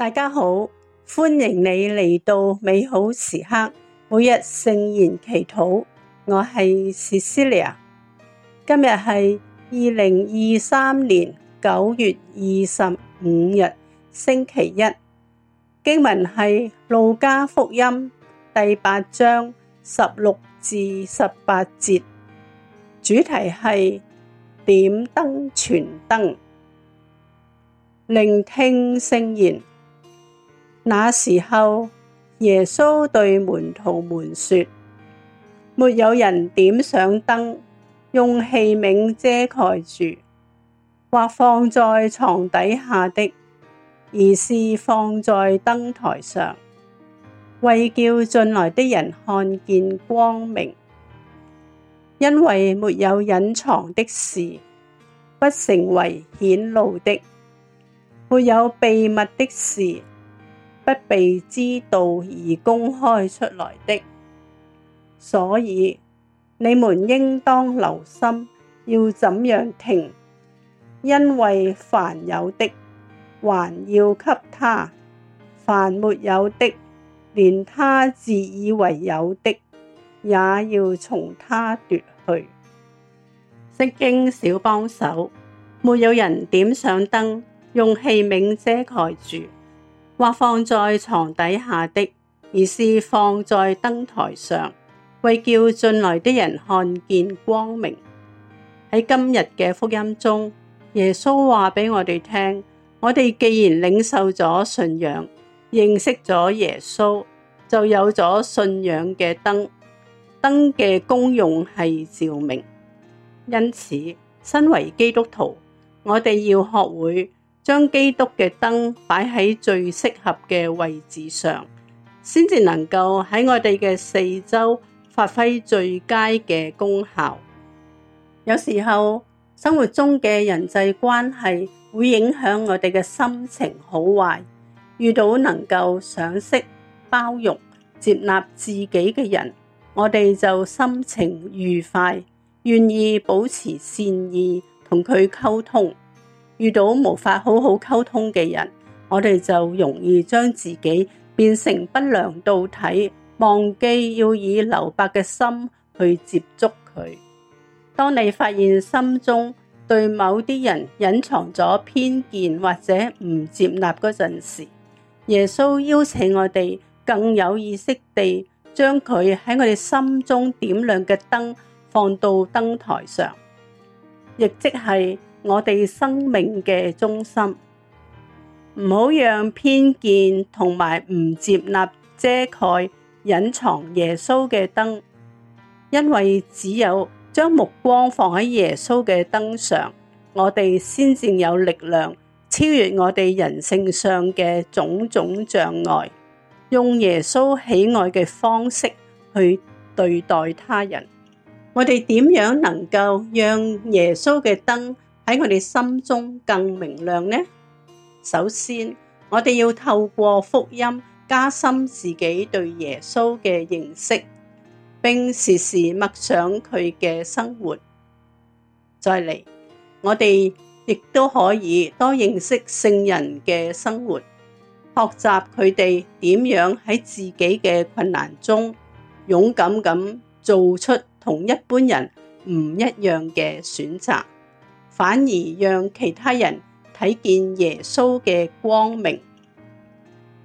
大家好，歡迎你嚟到美好時刻，每日聖言祈禱。我係 Cecilia，今日係二零二三年九月二十五日，星期一。經文係路加福音第八章十六至十八節，主題係點燈傳燈，聆聽聖言。那時候，耶穌對門徒們說：「沒有人點上燈，用器皿遮蓋住，或放在床底下的，而是放在燈臺上，為叫進來的人看見光明。因為沒有隱藏的事，不成為顯露的；沒有秘密的事。不被知道而公開出來的，所以你們應當留心要怎樣聽，因為凡有的還要給他，凡沒有的連他自以為有的也要從他奪去。釋經小幫手，沒有人點上燈，用器皿遮蓋住。或放在床底下的，而是放在燈台上，為叫進來的人看見光明。喺今日嘅福音中，耶穌話俾我哋聽，我哋既然領受咗信仰，認識咗耶穌，就有咗信仰嘅燈。燈嘅功用係照明，因此身為基督徒，我哋要學會。將基督嘅燈擺喺最適合嘅位置上，先至能夠喺我哋嘅四周發揮最佳嘅功效。有時候，生活中嘅人際關係會影響我哋嘅心情好壞。遇到能夠賞識、包容、接納自己嘅人，我哋就心情愉快，願意保持善意，同佢溝通。遇到無法好好溝通嘅人，我哋就容易將自己變成不良導體，忘記要以留白嘅心去接觸佢。當你發現心中對某啲人隱藏咗偏見或者唔接納嗰陣時，耶穌邀請我哋更有意識地將佢喺我哋心中點亮嘅燈放到燈台上，亦即係，我哋生命嘅中心，唔好讓偏見同埋唔接納遮蓋、隱藏耶穌嘅燈，因為只有將目光放喺耶穌嘅燈上，我哋先至有力量超越我哋人性上嘅種種障礙，用耶穌喜愛嘅方式去對待他人。我哋點樣能夠讓耶穌嘅燈喺佢哋心中更明亮呢？首先，我哋要透過福音加深自己對耶穌嘅認識，並時時默想佢嘅生活。再嚟，我哋亦都可以多認識聖人嘅生活，學習佢哋點樣喺自己嘅困難中勇敢咁做出同一般人唔一樣嘅選擇。反而讓其他人睇見耶穌嘅光明，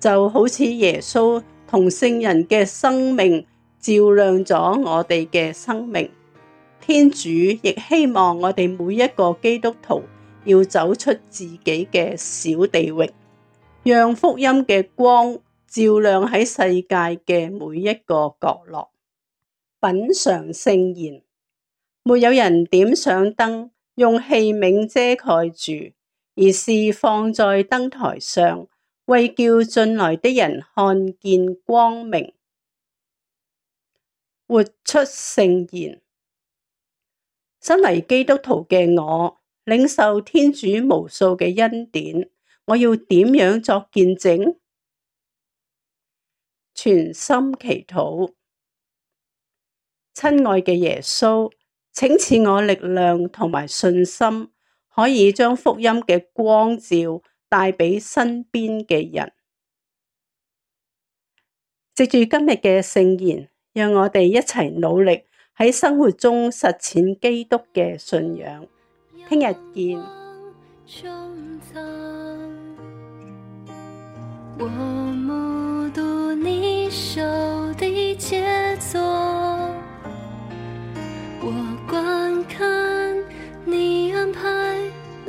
就好似耶穌同聖人嘅生命照亮咗我哋嘅生命。天主亦希望我哋每一個基督徒要走出自己嘅小地域，讓福音嘅光照亮喺世界嘅每一個角落。品嘗聖言。沒有人點上燈。用器皿遮蓋住，而是放在燈台上，為叫進來的人看見光明，活出聖言。身為基督徒嘅我，領受天主無數嘅恩典，我要點樣作見證？全心祈禱，親愛嘅耶穌。請賜我力量同埋信心，可以將福音嘅光照帶俾身邊嘅人。藉住今日嘅聖言，讓我哋一齊努力喺生活中實踐基督嘅信仰。聽日見。